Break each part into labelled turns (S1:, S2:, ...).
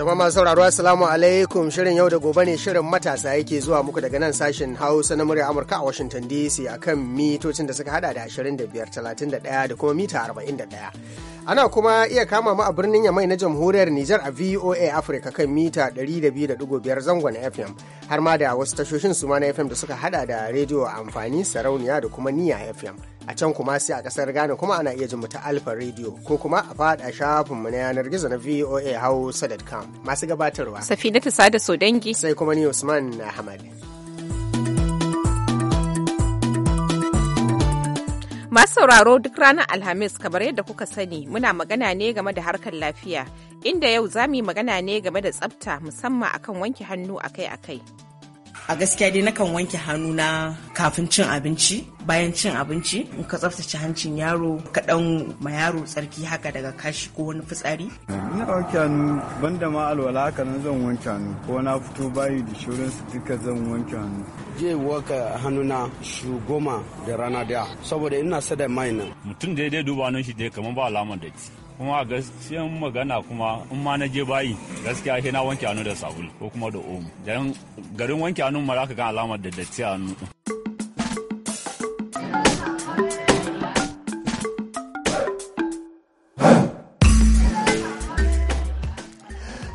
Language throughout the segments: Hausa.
S1: Jama'a masu sauraro Assalamu alaikum shirin yau da gobe ne shirin matasa yake zuwa muku daga nan sashen Hausa na murya Amurka a Washington DC akan mitocin da suka hada da 25, 31 da kuma mita 41. Ana kuma iya kama mu a birnin Yamai na Jamhuriyar Nijar a VOA Africa kan mita 200.5 zangon FM har ma da wasu tashoshin su ma na FM da suka hada da rediyo amfani sarauniya da kuma niya FM. a can kuma sai a kasar Ghana kuma ana iya jin mu ta Alfa Radio ko kuma a fada shafin mu na yanar gizo na VOA Hausa.com masu gabatarwa.
S2: ta Sada dangi. Sai kuma ni Usman Ahmad. Masu sauraro duk ranar Alhamis kamar yadda kuka sani muna magana ne game da harkar lafiya inda yau za mu yi magana ne game da tsafta musamman akan wanke hannu akai-akai.
S3: a gaskiya dai nakan wanke hannu na kafin cin abinci bayan cin abinci in ka tsaftace hancin yaro kaɗan, ma yaro tsarki haka daga kashi ko wani fitsari
S4: ina wanke hannu banda ma alwala haka nan zan wanke hannu ko na fito bayi da su duka zan wanke hannu je waka hannuna shu goma da rana daya saboda ina sada mai nan mutum da ya duba nan shi dai kamar ba alamar
S5: datti kuma a gaskiyan magana kuma in ma na je bayi gaskiya sai na wanke hannu da sabulu ko kuma da omo garin wanke hannu ma za ka ga alamar da datti a hannu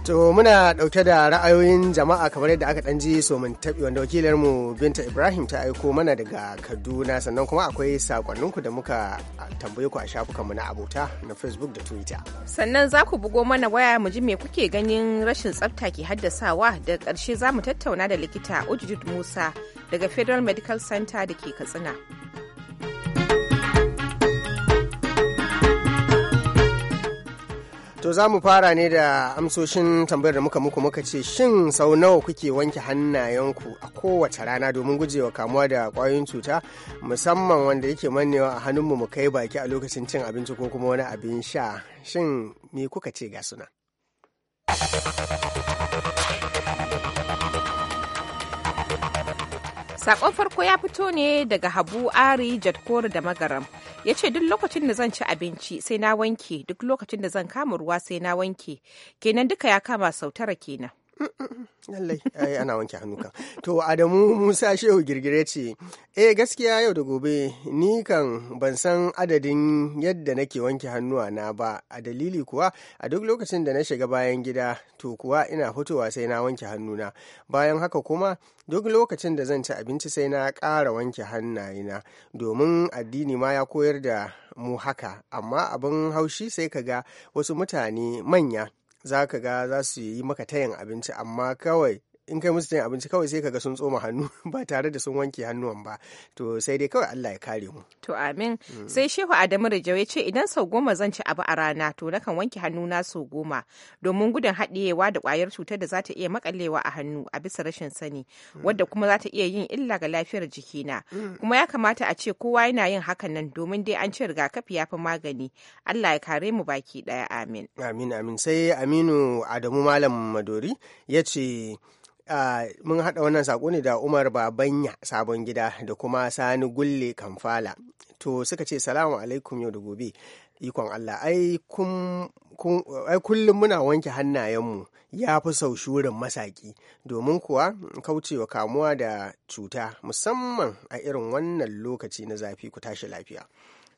S1: To muna ɗauke da ra'ayoyin jama'a kamar yadda aka ɗan ji so mun taɓi wanda wakilarmu Binta Ibrahim ta aiko mana daga Kaduna sannan kuma akwai sakonninku da muka tambaye ku a shafukanmu na abota na Facebook da Twitter.
S2: Sannan za ku bugo mana waya mu ji me kuke ganin rashin tsafta ke haddasawa da ƙarshe za mu tattauna da likita Ujjud Musa daga Federal Medical Center da ke Katsina.
S1: To za mu fara ne da amsoshin tambayar da muka muku muka ce shin sau nawa kuke wanke hannayenku a kowace rana domin gujewa kamuwa da kwayoyin cuta musamman wanda yake mannewa a hannunmu mu kai baki a lokacin cin abinci ko kuma wani abin sha shin me kuka ce ga suna?
S2: Sakon farko ya fito ne daga Habu Ari Jadkor da Magaram. Ya ce duk lokacin da zan ci abinci sai na wanke, duk lokacin da zan kama ruwa sai na wanke. Kenan duka ya kama sautara kenan.
S1: lallai ai ana wanke hannu kan to adamu musa shehu girgire ce eh gaskiya yau da gobe ni kan ban san adadin yadda nake wanke hannuwa na ba a dalili kuwa a duk lokacin da na shiga bayan gida to kuwa ina fitowa sai na wanke hannuna bayan haka kuma duk lokacin da zan ci abinci sai na ƙara wanke hannayena domin addini ma ya koyar da mu haka amma abin haushi sai ka ga wasu mutane manya za ka ga za su yi maka tayin abinci amma kawai in kai musu cin abinci kawai sai kaga sun tsoma hannu ba tare da sun wanke hannuwan ba to sai dai kawai Allah ya kare mu
S2: to amin mm. sai shehu Adamu Rajau ya ce idan sau goma zan ci abu a rana to nakan wanke hannu na sau goma domin gudun haɗiyewa da ƙwayar cutar da za ta iya makalewa a hannu a bisa rashin sani mm. wadda kuma za ta iya yin illa ga lafiyar jikina mm. kuma ya kamata a ce kowa yana yin hakan nan domin dai an ce rigakafi ya fi magani Allah ya kare mu baki ɗaya amin
S1: amin amin sai Aminu Adamu Malam Madori ya ce mun haɗa wannan sako ne da Umar Babanya sabon gida da kuma Sani Gulle Kamfala. To suka ce salamu alaikum yau da gobe. Ikon Allah, ai kullum muna wanke hannayenmu ya fi sau shurin masaki domin kuwa kaucewa kamuwa da cuta musamman a irin
S2: wannan lokaci na zafi ku tashi lafiya.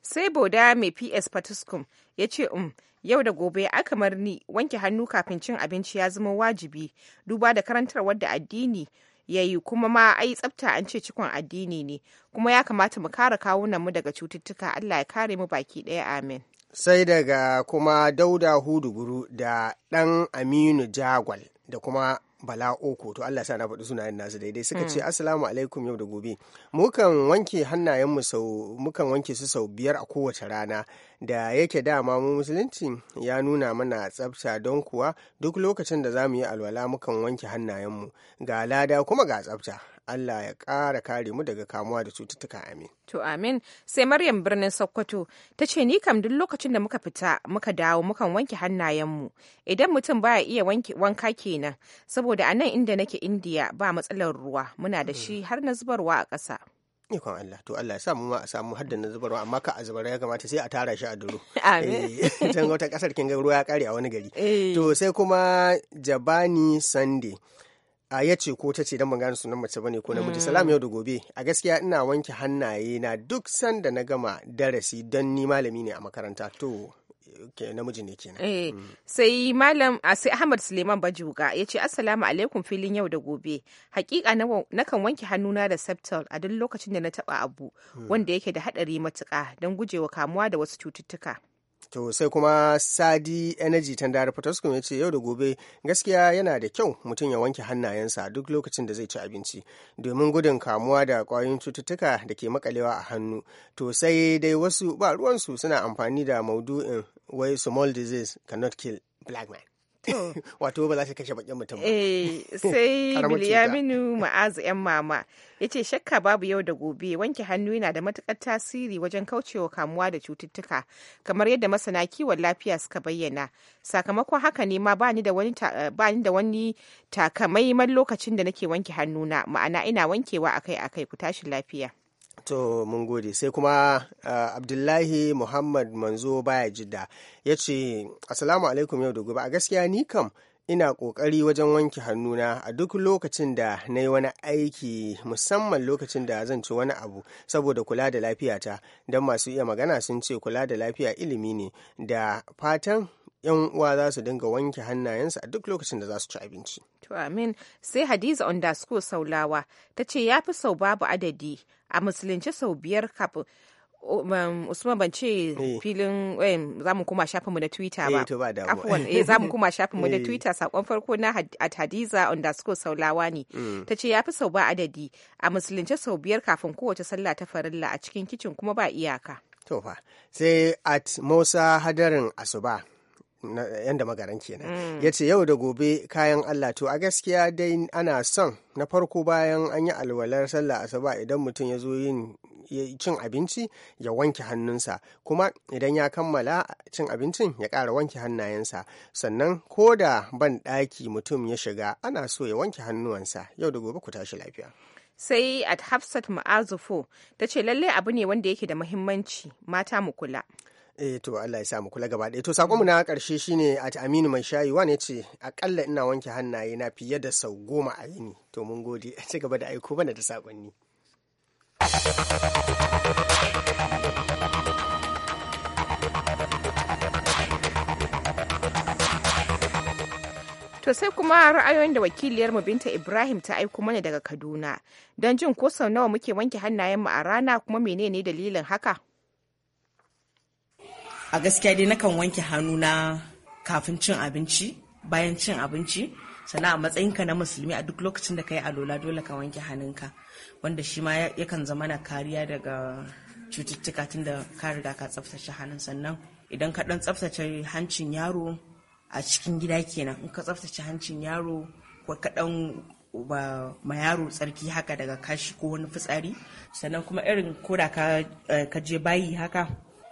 S2: sai boda mai ps patuskum ya ce um yau da gobe kamar ni wanke hannu kafin cin abinci ya zama wajibi duba da karantar da addini ya yi kuma ma ai tsafta an ce cikon addini ne kuma ya kamata mu kare kawunanmu mu daga cututtuka allah ya kare mu baki ɗaya amin
S1: sai daga kuma dauda huduburu da ɗan aminu jagwal da kuma bala oko to Allah sa na faɗi sunayen nasu daidai suka ce mm. asalamu alaikum yau da gobe mukan wanke hannayenmu sau mukan wanke su sau biyar a kowace rana da yake dama mu musulunci ya nuna mana tsafta don kuwa duk lokacin da za mu yi alwala mukan wanke hannayenmu ga lada kuma ga tsafta Allah ya ƙara kare mu daga kamuwa da cututtuka
S2: amin. To amin. Sai Maryam birnin Sokoto ta ce ni kam duk lokacin da muka fita muka dawo mukan wanke hannayenmu. Idan mutum baya iya wanke wanka kenan saboda a nan inda nake Indiya ba matsalar ruwa muna da shi har na zubarwa a ƙasa.
S1: Ikon Allah, to Allah ya samu ma a samu hadda na zubarwa amma ka a zubarwa ya kamata sai a tara shi a duro. Amin. Eh, can wata ƙasar kin ga ruwa ya ƙare a wani gari. Eh. To sai kuma Jabani Sunday. a ya ce ko ta ce don ban gane sunan mace bane ko namiji mm. salam yau da gobe a gaskiya ina wanke hannaye na duk sanda na gama darasi don ni malami ne a makaranta to namiji ne kenan.
S2: Eh, mm. sai malam sai Ahmad Suleiman Bajuga ya ce assalamu alaikum filin yau da gobe. Hakika kan wanke hannuna da septal a duk lokacin da na taba abu mm. wanda yake da hadari matuka don gujewa kamuwa da wasu cututtuka.
S1: to sai kuma sadi energy da potoskum ya ce yau da gobe gaskiya yana da kyau mutum ya wanke hannayensa duk lokacin da zai ci abinci domin gudun kamuwa da kwayoyin cututtuka da ke makalewa a hannu to sai dai wasu ba ruwansu suna amfani da maudu'in wai small disease cannot kill black man wato ba za shi kashe bakin mutum eh sai biliyaminu
S2: ma'azu yan mama ya ce shakka babu yau da gobe wanke hannu yana da matukar tasiri wajen kaucewa kamuwa da cututtuka kamar yadda masana kiwon lafiya suka bayyana sakamakon haka ne ma bani da wani da wani takamaiman lokacin da nake wanke hannuna ma'ana ina wankewa akai-akai ku tashi lafiya
S1: To mun gode sai kuma uh, Abdullahi Muhammad Manzo baya jidda ya ce Assalamu alaikum yau da gobe a gaskiya ni kam ina ƙoƙari wajen wanke hannuna a duk lokacin da na yi wani aiki musamman lokacin da zan ci wani abu saboda kula da lafiyata don masu iya magana sun ce kula da lafiya ilimi ne da fatan yan uwa za su dinga wanke hannayensu a duk lokacin da za su ci abinci.
S2: To amin sai Hadiza underscore Saulawa ta ce ya fi sau babu adadi a musulunci sau biyar kafin um, Usman ban ce eh. filin za mu kuma shafin mu na Twitter ba. kafin eh, eh za mu kuma shafin mu na eh. Twitter sakon farko na at Hadiza underscore Saulawa ne.
S6: Mm.
S1: Ta ce
S2: ya fi sau ba adadi a musulunce sau biyar kafin kowace sallah ta farilla a cikin kicin kuma ba iyaka.
S1: To sai at Musa Hadarin Asuba yan da magaran kenan mm. ya ce yau da gobe kayan Allah to a gaskiya dai ana son na farko bayan an yi alwalar sallah asaba idan mutum ya zo yin cin abinci ya wanke hannunsa kuma idan ya kammala cin abincin ya kara wanke hannayensa sannan ko da ban ɗaki mutum ya shiga ana so ya
S2: wanke hannuwansa
S1: yau da gobe ku tashi lafiya
S2: sai at hafsat ma'azufo ta ce lallai abu ne wanda yake da muhimmanci mata mu kula
S1: Eh to Allah ya sa mu kula gaba ɗaya. To sakonmu na ƙarshe shine at Aminu mai shayi wane ce akalla ina wanke hannaye na fiye da sau goma a yini. To mun gode a ci gaba da aiko bana da sakonni.
S2: To sai kuma ra'ayoyin da wakiliyar mu Binta Ibrahim ta aiko mana daga Kaduna don jin ko sau nawa muke wanke hannayen mu a rana kuma menene dalilin haka.
S3: a gaskiya dai nakan wanke hannu na kafin cin abinci bayan cin abinci sannan a matsayinka na musulmi a duk lokacin da ka yi alola dole ka wanke hannunka wanda shi ma yakan zama na kariya daga cututtuka tun da ka riga ka tsaftace hannun sannan idan ka dan tsaftace hancin yaro a cikin gida kenan in ka tsaftace hancin yaro ko ka dan ba ma yaro tsarki haka daga kashi ko wani fitsari sannan kuma irin koda eh, ka je bayi haka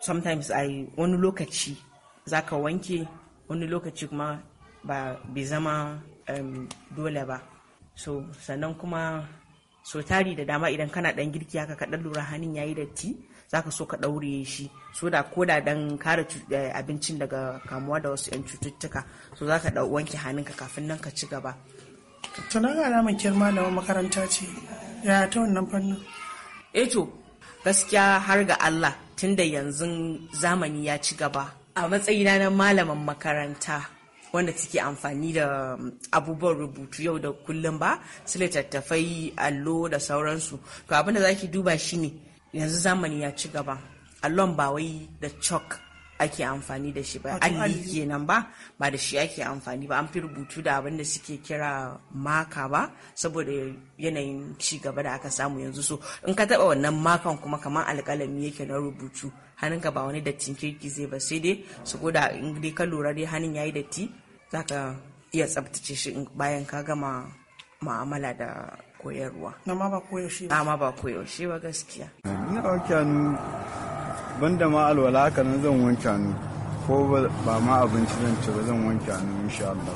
S3: sometimes ai wani lokaci za ka wanke wani lokaci kuma ba bai zama um, dole ba so sannan kuma so tari da dama idan kana dan girki haka ka lura hannun yayi datti ka so ka ɗaure shi so da ko da dan kare eh, abincin daga kamuwa da wasu yan cututtuka so za ka wanke hannunka kafin nan ka ci gaba tunan alamun kirma da makaranta ce ya ta wannan fannin eh gaskiya har ga Allah tunda yanzu zamani ya ci gaba a matsayina na malaman makaranta wanda take amfani da um, abubuwan rubutu yau da kullum ba su littattafai allo da sauransu to abinda za ki duba ne, yanzu zamani ya ci gaba allon ba wai da chalk ake amfani da shi ba alli kenan ba ba da shi ake amfani ba an fi rubutu da abin da suke kira maka ba saboda yanayin ci gaba da aka samu yanzu so in ka taba wannan makan kuma kamar alkalami yake na rubutu hannunka ba wani dattin kirki zai ba sai dai su da in dai ka lura dai hannun yayi datti zaka iya tsabtace shi bayan ka gama ma'amala da koyarwa. Na ba koyaushe ba. ba koyaushe ba gaskiya.
S4: banda ma alwala haka nan zan wanke hannu ko ba ma abinci zan ci ba zan wanke hannu insha Allah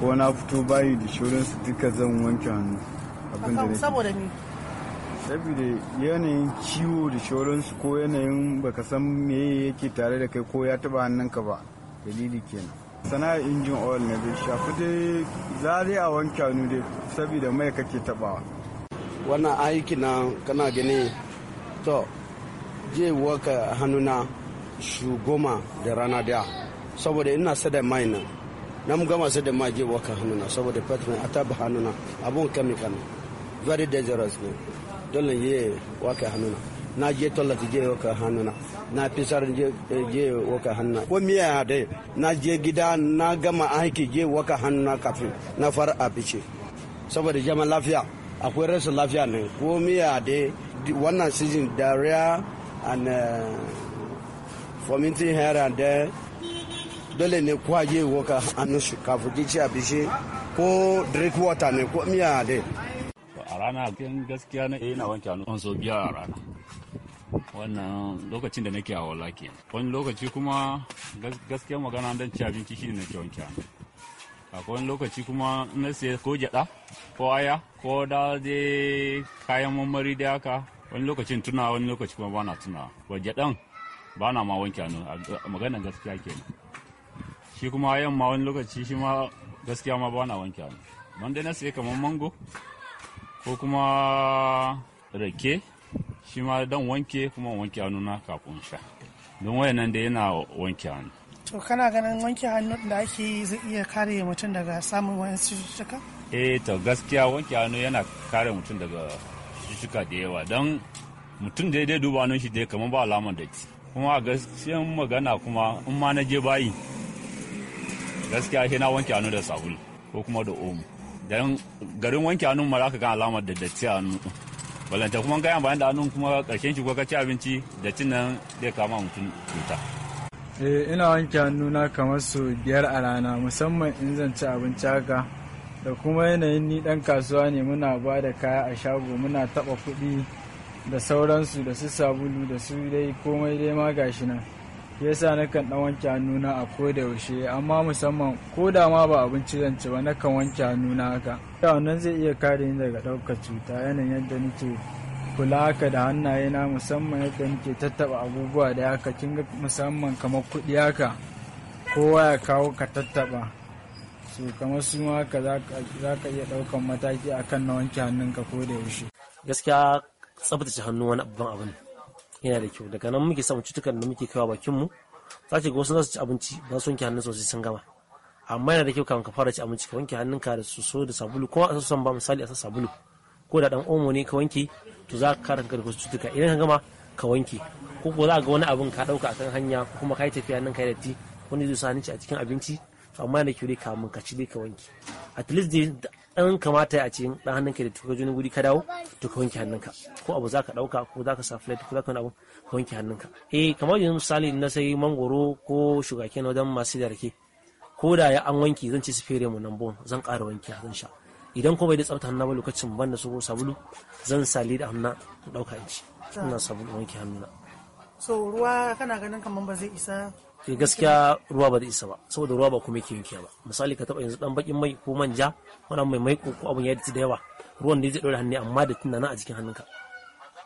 S4: ko na fito bayi da shorinsu duka zan wanke hannu abin da saboda ni saboda yanayin ciwo da shorinsu ko yanayin baka san me yake tare da kai ko ya taba hannunka ba dalili kenan sana'ar injin oil na bai shafi dai za a wanke hannu dai saboda mai kake tabawa wannan aiki na kana gani to je waka hannuna shu goma da rana da saboda ina sada mai nan na mu gama sada mai je waka hannuna saboda patron a taba hannuna abun kami kami very dangerous ne dole je waka hannuna na je tallata je waka hannuna na fisar eh, je waka hannuna ko miya dai na je gida na gama aiki je waka hannuna kafin na fara a fice saboda jama lafiya akwai rasa lafiya ne ko miya dai wannan season da and uh, vomiting here and there dole ne kwaje woka hannun shi fuji ci a bishe ko drink water ne ko miya de.
S5: a rana kin gaskiya eh, na ina wanke hannu an so biya a rana wannan lokacin da nake a wala ke wani lokaci kuma gaskiya magana dan ci abinci shi ne ke wanke hannu akwai wani lokaci kuma na siya ko gyada ko aya ko da dai kayan mamari da haka wani lokacin tuna wani lokaci kuma bana tuna ba gyaɗan bana ma wanke hannu a maganar gaskiya kenan shi kuma yamma wani lokaci shi ma gaskiya ma bana wanke hannu man dai na sai kamar mango ko kuma rake shi ma dan wanke kuma wanke hannu na kafin sha don wayannan da yana wanke hannu
S1: to kana ganin wanke hannu da ake yi zai iya kare mutum daga samun wani cututtuka
S5: eh to gaskiya wanke hannu yana kare mutum daga cututtuka da yawa don mutum da dai duba nan shi dai kamar ba alamar da ci kuma a gaskiyan magana kuma in ma na je bayi gaskiya shi na wanke hannu da sabulu ko kuma da omo don garin wanke hannun ma za ka gan alamar da datti a hannu balanta kuma kayan bayan da hannun kuma karshen shi ka ci abinci da cin nan zai kama mutum cuta.
S7: Eh, ina
S4: wanke na kamar su biyar a rana musamman in zan ci abinci haka da kuma yanayin ni dan kasuwa ne muna ba da kaya a shago muna taba kuɗi da sauransu da su sabulu da su dai komai dai ma gashi nan yasa nakan dan wanke hannuna a koda yaushe amma musamman ko da ma ba abinci zan ci ba nakan wanke hannuna haka wannan zai iya kare ni daga ɗaukar cuta yanayin yadda nake kula haka da hannaye na musamman yadda nake tattaba abubuwa da haka kin musamman kamar kuɗi haka kowa ya kawo ka tattaba so kamar su ma haka za
S8: ka iya ɗaukan mataki akan na wanke hannunka ko da yaushe gaskiya tsabtace hannu wani babban abin yana da kyau daga nan muke samun cutukan da muke kawo bakin mu za ki ga wasu za ci abinci ba su wanke hannun sosai sun gama amma yana da kyau kafin ka fara ci abinci ka wanke hannunka da soso da sabulu ko a san ba misali a san sabulu ko da dan omo ne ka wanke to za ka kare kanka da wasu cutuka idan ka gama ka wanke ko ko za ga wani abin ka dauka akan hanya ko kuma yi tafiya nan ka yi datti wani zai sa a cikin abinci amma na kyau dai mun ka ci dai ka wanke at least dai dan kamata a cikin dan hannunka da tuka jini guri ka dawo to ka wanke hannunka ko abu zaka dauka ko zaka sa flat ko zaka abu ka wanke hannunka eh kamar yanzu misali na sai mangoro ko shugake na wajen masu da rake ko da ya an wanke zan ci su fere mu nan bon zan ƙara wanke zan sha idan ko bai da tsafta hannu ba lokacin ban da su ko sabulu zan sali da hannu dauka in ci ina sabulu wanke hannuna
S1: so ruwa kana ganin kamar ba zai isa
S8: sai eh, gaskiya ruwa ba zai isa ba saboda ruwa ba kuma yake yankewa ba misali ka taba yanzu dan bakin mai ko manja wani mai mai ko abun ya da yawa ruwan da zai dore hannu amma da tunanin a jikin hannunka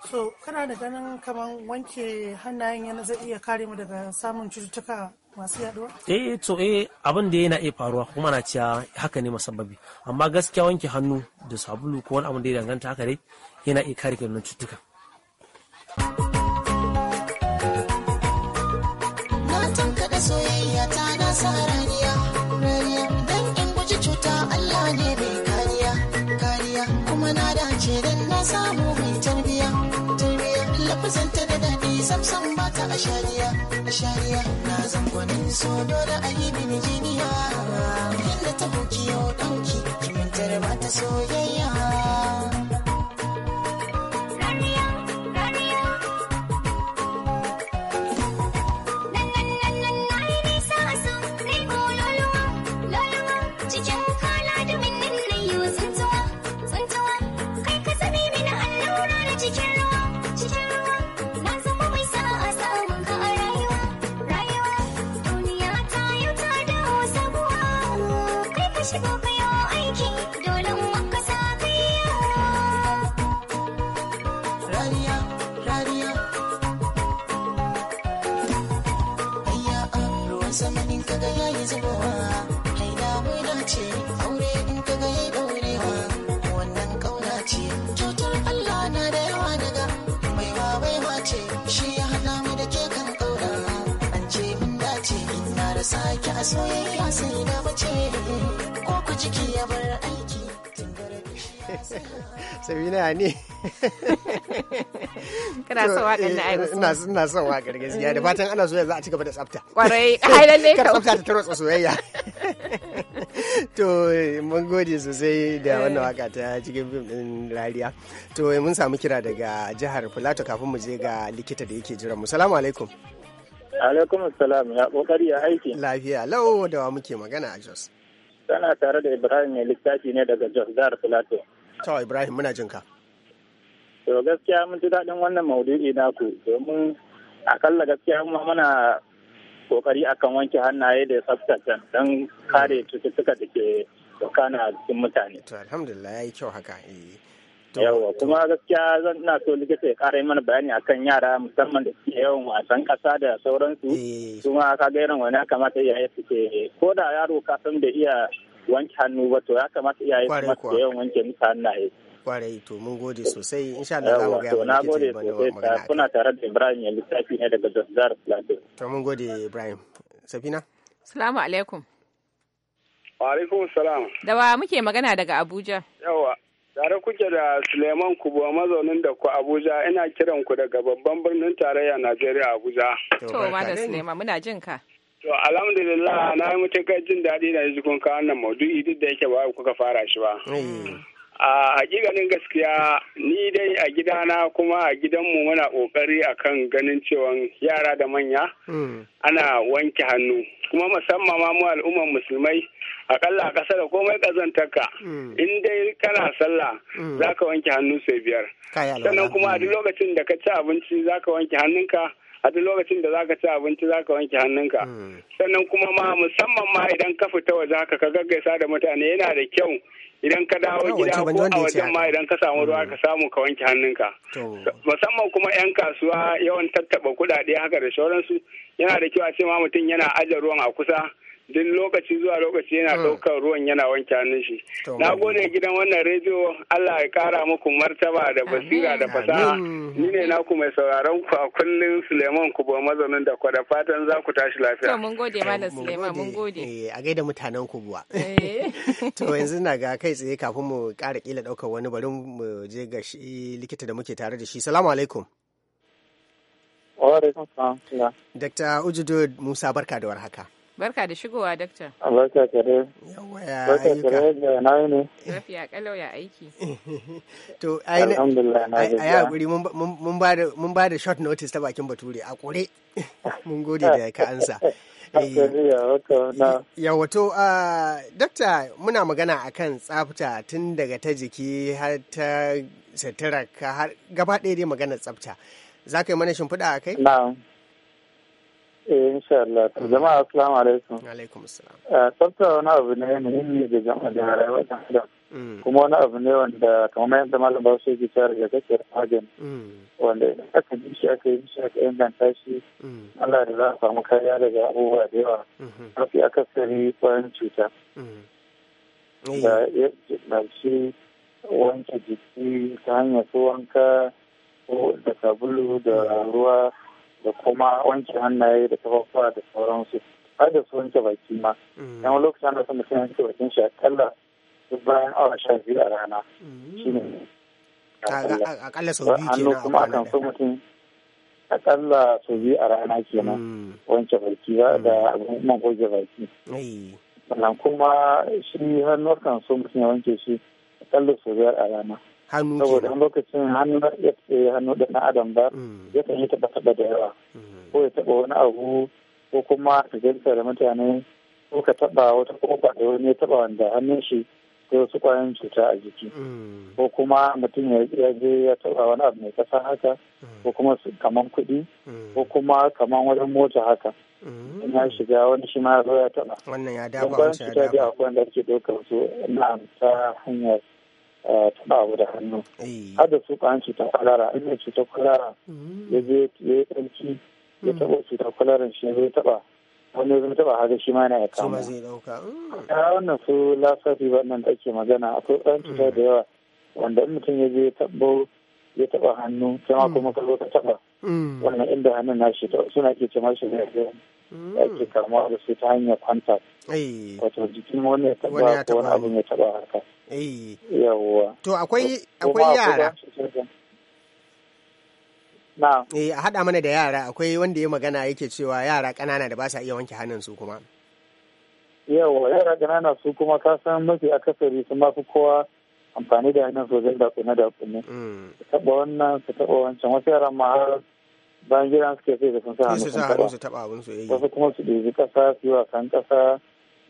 S3: so kana da ganin kaman wanke hannayen yana zai iya kare mu daga samun cututtuka
S8: masu yaduwa? eh to eh abin da yana iya faruwa kuma na cewa haka ne masababi amma gaskiya wanke hannu da sabulu ko wani abun da ya danganta haka dai yana iya kare ka cututtuka
S6: sam sam ba ta a ashariya shariya na zan gwanin so dole a yi mini jiniya ta ɗauki yau ɗauki kimantar ba ta soyayya Let's go.
S1: sabina ne
S6: kana son waƙar na aibu eh, ina ina son waƙar gaskiya da fatan
S1: ana soyayya za a cigaba gaba da tsafta kwarai ai lalle ka tsafta ta tarotsa soyayya to mun gode sosai da eh. wannan waka ta cikin fim din rariya to eh, mun samu kira daga jihar Filato kafin mu je ga likita da yake jiran mu salamu alaikum
S7: alaikum salam ya kokari ya
S1: aiki lafiya lau da wa muke magana a Jos
S7: tana tare da Ibrahim ne littafi ne daga Jos jihar Filato
S1: Tawa Ibrahim muna jinka.
S7: To gaskiya mun ji daɗin wannan maudu'i ku domin akalla gaskiya kuma muna kokari akan
S4: wanke hannaye da tsaftace don kare cututtuka da ke tsakana a cikin mutane.
S1: To alhamdulillah ya yi kyau haka. Eh. Yawa
S4: kuma gaskiya zan na so likita ya kara mana bayani akan yara musamman da suke yawan wasan kasa da sauransu. Kuma eh. ka ga irin wani
S7: kamata iyaye suke ko da yaro ka san da iya wanke hannu ba to ya kamata iyaye su masu da yawan wanke musu hannaye
S1: kwarai to mun gode sosai insha Allah za mu ga mu na gode sosai
S7: kuna tare da Ibrahim ya lissafi ne daga Jihar Plateau to
S1: mun gode Ibrahim
S4: Safina
S2: Assalamu alaikum
S7: Wa alaikum salam
S2: da wa muke magana daga Abuja
S4: yawa tare kuke da Suleiman Kubo mazaunin da ku Abuja ina kiran ku daga babban birnin tarayya Najeriya Abuja to ma da Suleiman
S2: muna jin ka To
S4: alhamdulillah na yi matuƙar jin daɗi na zikon ka wannan maudu'i duk da yake ba kuka fara shi ba. Mm. A hakikanin gaskiya ni dai a gidana kuma a gidanmu muna ƙoƙari akan ganin cewa yara da manya mm. ana wanke hannu. Kuma musamman ma mu al'umman musulmai akalla a ƙasa da komai ƙazantarka mm. in dai kana sallah za ka wanke hannu sai biyar. Sannan kuma a duk lokacin da ka ci abinci za ka wanke hannunka. a duk lokacin da zaka ci abinci zaka wanke hannunka hmm. sannan kuma ma musamman ma idan ka fita waje haka ka gaggaisa da mutane yana da kyau idan ka dawo gida ko a wajen ma idan ka samu ruwa hmm. ka samu ka wanke hannunka musamman kuma 'yan kasuwa yawan tattaba kuɗaɗe haka da sauransu yana da kyau a ce ma mutum yana aje ruwan a kusa duk lokaci zuwa lokaci yana hmm. ɗaukar ruwan yana wanke hannun shi. Na gode gidan wannan rediyo Allah ya kara muku martaba da basira da fasaha. Ni ne na ku mai sauraron ku a kullum Suleiman ku ba mazanin da kwada fatan za ku tashi lafiya. mun gode Malam Suleiman mun
S1: gode. Eh, a gaida mutanen ku buwa. Eh. To yanzu na ga kai tsaye kafin mu kara kila ɗaukar wani bari mu je ga shi likita da muke tare da shi. Salamu alaikum. Dr. Ujudu Musa barka da warhaka.
S2: Barka da shigowa dakta. Barka kare. Yawwa ya Barka kare da na ne. Lafiya kalau ya
S1: aiki. To ai alhamdulillah na ga. Ai mun ba da mun ba da short notice ta bakin Bature a kore. Mun gode da ka ansa.
S7: Eh, Yawa
S1: to dakta muna magana akan tsafta tun daga ta jiki har ta ka har gaba ɗaya dai magana tsafta. Za ka yi mana shimfiɗa a kai?
S7: Na'am. eh insha Allah jama'a assalamu alaikum
S6: alaikum assalam
S7: eh, tsafta wani abu ne muhimmi da jama'a da rayuwar dan adam mm. kuma wani abu ne wanda kamar yadda malam ba su yake cewa daga kake magani mm. wanda idan aka ji shi aka yi shi aka inganta shi
S6: mm. Allah da za a samu kariya daga abubuwa da yawa mm-hmm. mafi
S7: akasari kwayan cuta da ya shi wanke jiki ta hanyar su wanka da sabulu da ruwa da kuma wanke hannaye da tafafuwa da sauransu har da su wanke baki ma mm. yan lokacin ana son mutum wanke bakin shi akalla duk bayan awa sha biyu a rana mm. shine akalla sau biyu kenan kuma akan so mutum akalla sau biyu a rana kenan mm. wanke baki ba da man goge baki sannan kuma shi hannu kan so mutum ya wanke shi akalla sau biyar a rana hannu saboda an lokacin hannu na iya hannu da na adam ba mm. ya kan yi taba taba da yawa mm. ko ya taba wani abu ko kuma ka gaisa da mutane ko ka taba wata kofa da wani ya taba wanda hannun shi ko wasu kwayan cuta a jiki mm. ko kuma mutum ya je ya taba wani abu mai kasa haka ko kuma kaman kuɗi ko kuma kaman wajen mota haka in ya shiga wani shi ma ya taba wannan ya daba wancan ya daba akwai wanda ake ɗaukar su na ta hanyar taɓa abu da hannu eh. har da su an cutar kwalara in mai cutar kwalara mm. ya je ya yi ɗanci ya taɓa mm. cutar kwalaran shi ne zai taɓa wani zai taɓa haka shi ma na ya kama mm. ya wannan su lasafi wannan da ake magana akwai ɗan cutar da yawa wanda in mutum ya je ya taɓa ya taɓa hannu sai ma kuma ka zo ka taɓa wannan inda hannun nashi suna ke shi ne zai ake kamuwa da su ta hanyar contact Eh. wato jikin wani ya taba ko wani abin ya taba haka eh. yawwa to akwai akwai yara
S1: na eh a hada mana da yara akwai wanda ya magana yake cewa yara kanana da ba sa iya wanke hannun su
S7: kuma yawa yara kanana su kuma ka san mafi akasari sun mafi kowa amfani da hannun sojan da dakune su mm. taba wannan su taba wancan wasu yaran ma har bayan gidan suke sai da sun sa hannun su
S1: taba wasu
S7: kuma su ɗebi ƙasa su yi wasan ƙasa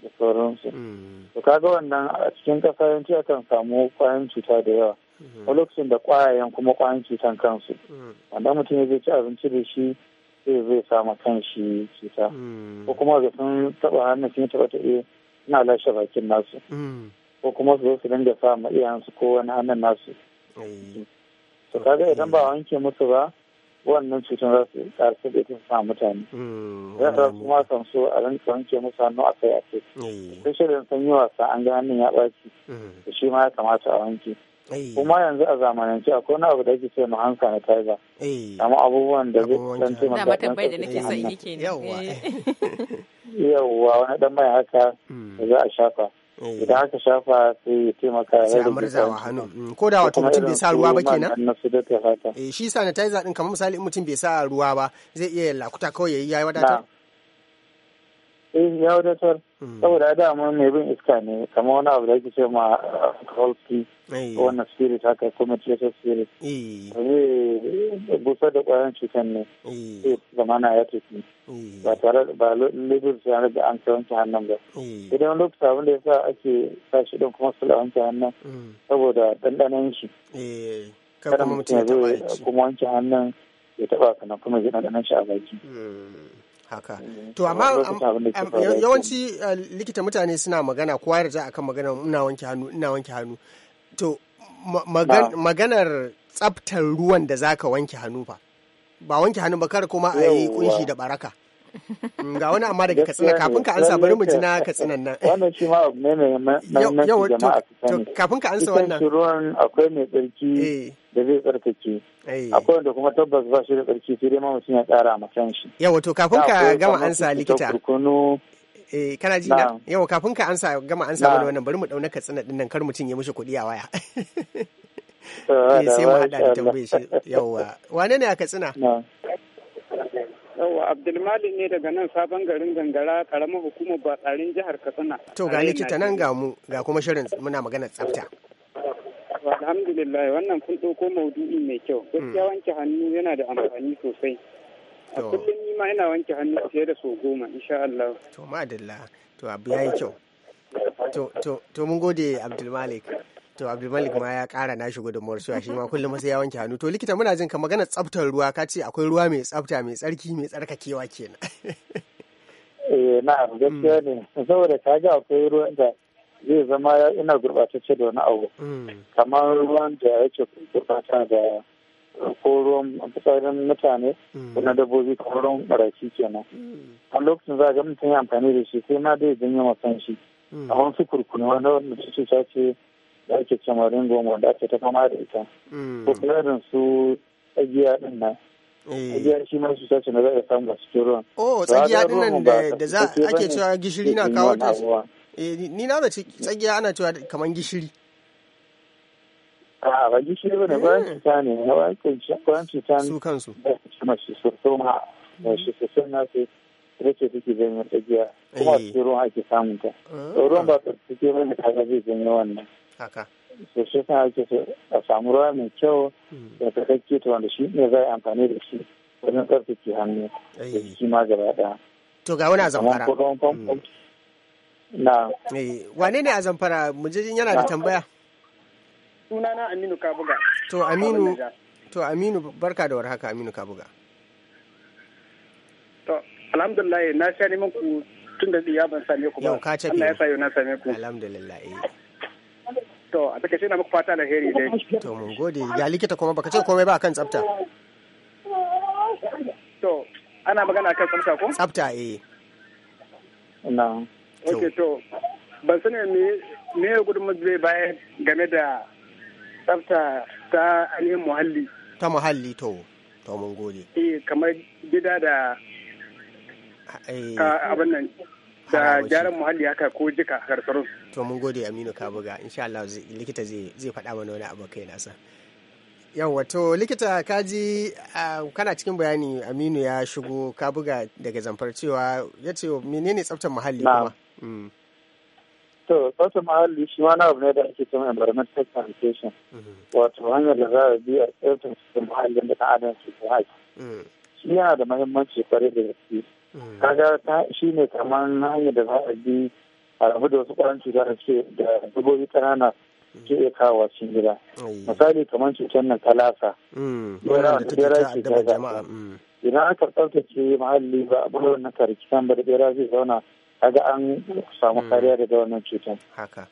S7: da sauransu mm. to kaga wannan a cikin kasa yawanci akan samu kwayan cuta da yawa
S6: mm. a lokacin
S7: da kwayayen kuma kwayan cutan kansu mm. wanda mutum ya zai ci abinci da shi sai zai samu kan shi cuta ko kuma ga sun taɓa hannun sun taɓa taɓe eh, suna lashe bakin nasu ko kuma su zo su dinga sa ma iyayensu ko wani hannun nasu to kaga idan ba wanke musu ba wannan cutar za su karfi da ita sa mutane zan za su ma kan so a rinka wanke musu hannu a kai a kai especially sun yi wasa an ga hannun ya ɓaci da shi ma ya kamata a wanke kuma yanzu a zamanance akwai wani abu da ake ce na sanitizer amma abubuwan da zai san taimaka da da nake son yake ne yawwa wani dan mai haka da za a shafa idan aka shafa sai ya taimaka ya rage hannu
S1: mm, ko da wato mutum bai sa ruwa ba kenan eh shi sanitizer din kamar misali mutum bai sa ruwa ba zai iya lakuta kawai yayi ya wadatar
S7: eh ya wadatar hmm. saboda dama mai bin iska ne kamar wani abu da ake ce ma holski eh. wannan spirit haka kuma jesus spirit zai eh. eh, busa da kwayan cutan ne sai zamana ya tafi ba tare ba libir su yana da an kai wanke hannun ba idan lokuta abin da ya sa ake sa shi din kuma su wanke hannun hmm. saboda ɗanɗanon shi kada mutum ya zo kuma wanke hannun ya taɓa kana kuma ya ɗanɗanon shi a baki hmm. haka to amma yawanci
S1: eh, likita mutane suna magana kowa za a kan magana ina wanke hannu ina wanke hannu to maganar tsaftar ruwan da zaka wanke hannu fa ba wanke hannu ba kar kuma a yi kunshi da baraka mm, ga wani amma daga katsina kafin ka ansa bari mu ji na katsinan
S7: nan wannan shi ma abu ne ne na jama'a kafin ka ansa wannan ruwan akwai mai tsarki eh. da zai tsarkake akwai wanda kuma tabbas ba shi da tsarki sai dai mamacin ya tsara ma kanshi
S1: yawa to kafin ka gama ansa likita
S7: eh kana ji na
S1: yawa kafin ka ansa gama ansa mana wannan bari mu dauna ka tsina dinnan kar mutum ya mishi kuɗi a waya eh, eh, sai mu hada da tambaye shi yawa wane ne aka tsina
S4: yawa abdulmalik ne daga nan sabon garin gangara karamar hukumar batsarin jihar katsina to ga likita nan ga
S1: mu ga kuma shirin muna magana tsafta
S4: Alhamdulillah wannan kun ɗauko maudu'i mai kyau. Hmm. Gaskiya wanke hannu yana da amfani sosai. A kullum ni ma ina wanke hannu fiye da sau goma insha Allah. To
S1: madalla to abu yayi kyau. To to to mun gode Abdulmalik. to abdulmalik ma ya kara na shigo da morsuwa shi ma kullum sai ya wanke hannu to likita muna jin ka magana tsaftar ruwa ka ce akwai ruwa mai tsafta mai tsarki mai tsarkakewa kenan
S7: eh na'am gaskiya ne hmm. saboda ka ga akwai ruwan da zai zama ya ina gurbatacce da wani abu mm. kamar ruwan da ya ce gurbata da ko ruwan fitsarin mutane mm. ko na dabbobi ko ruwan baraki kenan mm. a lokacin za a ga mutum ya amfani da shi sai ma dai yi wa shi a wasu kurkuni wanda wanda su ce da ake cewa goma da ake ta fama da ita ko kuma irin su tsagiya din nan eh. tsagiya shi ma su ce na za a samu a cikin ruwan. oh tsagiya din nan da za ake cewa gishiri na kawo ta
S1: Eh, ni na da tsakiya ana cewa kamar gishiri
S7: a ba gishiri ba ne bayan eh. cuta ne kwan cuta ne su kansu kuma shi so ma shi so sun su rike zai janyo tsakiya kuma cikin eh. ruwan ake samun ta
S6: ah. ruwan ba
S7: ta suke ruwan da ga zai janyo wannan haka su su sa ake so a samu ruwa mai kyau hmm. da ta kake ta wanda shi ne zai amfani da shi wajen ke hannu da shi ma gaba daya
S1: to ga wani a zamfara na eh, wane ne a zamfara mujejin yana da tambaya
S4: sunana aminu kabuga to aminu
S1: to aminu barka da warhaka aminu kabuga
S4: to alhamdulillah na sha neman ku tun da ya ban same ku ba yau ka ce Allah ya sa yau na same ku alhamdulillah eh. to a take na muku fata alheri dai
S1: to mun gode ya likita kuma baka ce komai ba kan tsafta
S4: to ana magana kan tsafta ko tsafta eh na ok to ban sani me me gudunmu zai baya game da tsafta ta ainihin muhalli ta muhalli
S1: to to mun
S4: gode eh kamar gida da
S1: eh, abin nan da gyaran
S4: muhalli haka ko jika karsarun
S1: to mun gode aminu ka buga insha Allah likita zai faɗa mana wani abu kai nasa yawwa to likita kaji uh, kana cikin bayani aminu ya shigo ka buga daga zamfar cewa ya ce menene tsaftar muhalli kuma
S7: Mm. To, tsaftar mahalli shi ma na abu ne da ake cewa environmental sanitation, mm. wato hanyar da za a bi a tsaftar cikin mahallin da adam su ta haƙi. Mm. Shi yana da mahimmanci kwarai da gaske. Kaga shi ne kamar hanyar da za a bi a rabu da wasu ƙwarin cuta da ke da dubobi ƙanana ke iya kawo cikin gida. Misali kamar cutar nan talasa.
S6: Yana da cuta cuta jama'a.
S7: Idan aka tsaftace mahalli ba a bulon na karki ba da bera zai zauna kaga an samu mm. kariya daga wannan cutar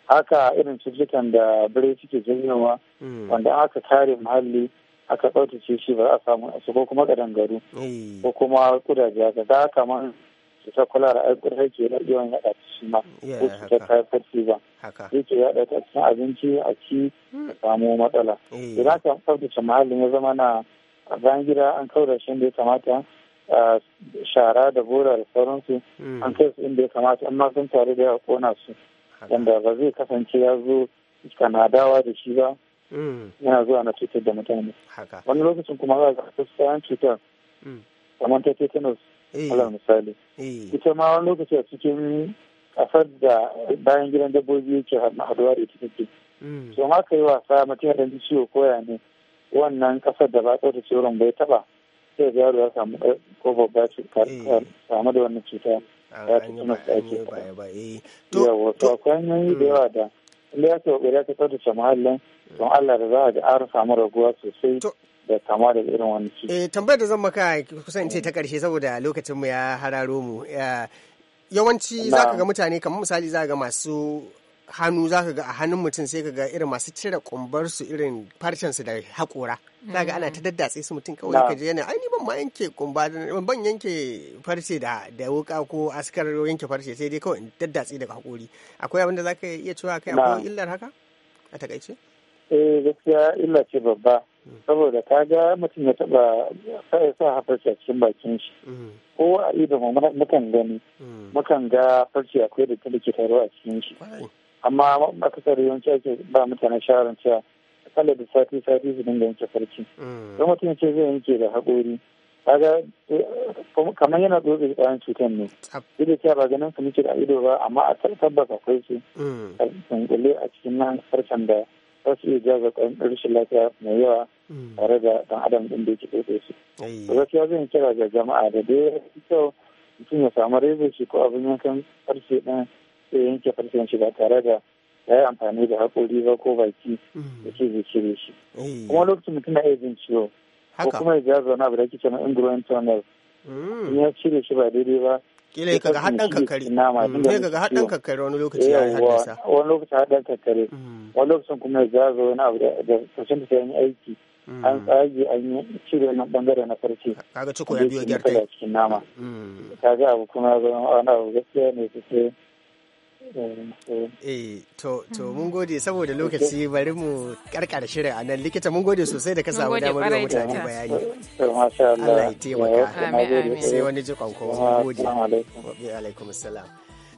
S7: haka irin cututtukan da birai suke zanyowa mm. wanda aka kare muhalli aka tsautace shi ba za a samu su ko kuma garu ko kuma kudaje haka ka kamar cutar kwalara ai kudar ke yawan yaɗa ta shi ma ko cutar typhoid fever zai ke yaɗa ta cikin abinci a ci
S6: a samu matsala mm. idan
S7: aka tsaftace muhallin ya zama na bayan gida an da shi da ya kamata shara da bora da sauransu hmm. an kai su inda ya kamata amma sun tare da ya kona su wanda ba zai kasance ya zo kanadawa dawa da shi ba hmm. yana zuwa na cutar da mutane wani lokacin kuma za ga kayan cutar hmm. kamar ta tetanus eh. alal misali eh. ita ma wani lokaci a cikin kasar da bayan gidan dabbobi yake haduwa da ita take so ma ka yi wasa mutum ya ciwo koya ne wannan kasar da ba ta da ciwon bai taba sai ga yaro ya samu kofar ba shi samu da wannan cuta ya ta tuna tsaki ake eh. to akwai hanyoyi da mm. yawa da inda ya ce kokari ya fitar da muhallin mm. don Allah da za a ga an samu raguwa sosai da kama da irin wani cuta. Eh tambayar
S1: da zan maka kusan ce ta karshe saboda lokacinmu ya hararo mu. Yawanci za ka ga mutane kamar misali za ga masu hannu za ka ga a hannun mutum sai ka ga irin masu cire kumbar su irin farcen su da haƙora za ga ana ta daddatse su mutum kawai ka je yana ai ni ban ma yanke kumba ban yanke farce da da wuka ko askar yanke farce sai dai kawai daddatse daga haƙori akwai abin da za ka iya cewa kai akwai illar haka a takaice
S7: eh gaskiya illa ce babba hmm. saboda ka ga mutum ya taba sai sa hafarci a cikin bakin shi hmm. ko a mu mukan gani hmm. mukan ga farce akwai da ta da ke taro a cikin shi amma akasari yawanci ake ba mutane shawarar cewa kala da sati sati su dinga yanke farki mm. don mutum ce zai yanke da haƙori kaga eh, kamar yana tsotse ɗayan cutar ne duk da cewa ba ganin su nike da ido ba amma a tabbata akwai su mm. dunkule a cikin nan farkon da za su iya jaza rashin lafiya mai yawa mm. tare da dan adam ɗin da yake tsotse su to gaskiya zai kira ga jama'a da dai kyau mutum ya samu reza shi ko abin yankan farce ɗan sai yanke farcen ba tare da ya yi amfani da haƙori ba ko baki mm. da ke zikire shi oh. kuma lokacin mutum na iya jin ciwo ko kuma ya jaza na abu da ake cewa ingroin tunnel mm. in ya cire shi ba daidai ba kila ya kaga haɗan kakkare ya mm. kaga haɗan kakkare
S1: wani lokaci ya haddasa wani lokaci
S7: haɗan kakkare wani lokacin kuma ya jaza na abu da farcen da yi aiki an tsage an yi cire na bangare na farce
S6: kaga ciko ya biyo gyartai cikin nama
S7: kaga abu kuma ya zama wani abu gaskiya ne sosai Eh, eh, to, to hmm. mun
S1: gode saboda lokaci bari mu karkar shirin a nan likita mun gode sosai da ka samu damar yi mutane
S6: bayani.
S7: Eh, Allah
S1: ya taimaka. Eh, Sai wani ji kwanko mun gode. Alaikum salam.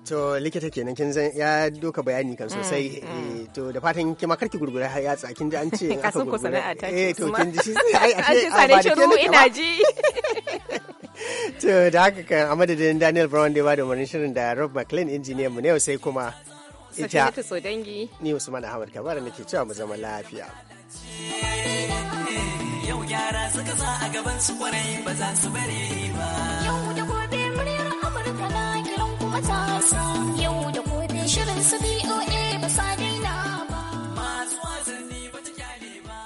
S1: To likita kenan kin zan ya doka bayani kan sosai hmm, hmm. to da fatan kin ma karki gurgura ya tsakin da an ce in aka gurgura eh to kin ji shi ai ashe a ba da ina ji to da haka kan a madadin daniel brown da ba da umarnin shirin da rob mclean injiniyan mu ne sai kuma ita ni usman ahmad kabara nake cewa mu
S3: zama lafiya yau yara suka sa a gaban su kwarai ba za su ba yau da gobe muryar amurka na kiran kuma ta yau da gobe shirin su boa ba sa daina ba masu ba ta kyale ba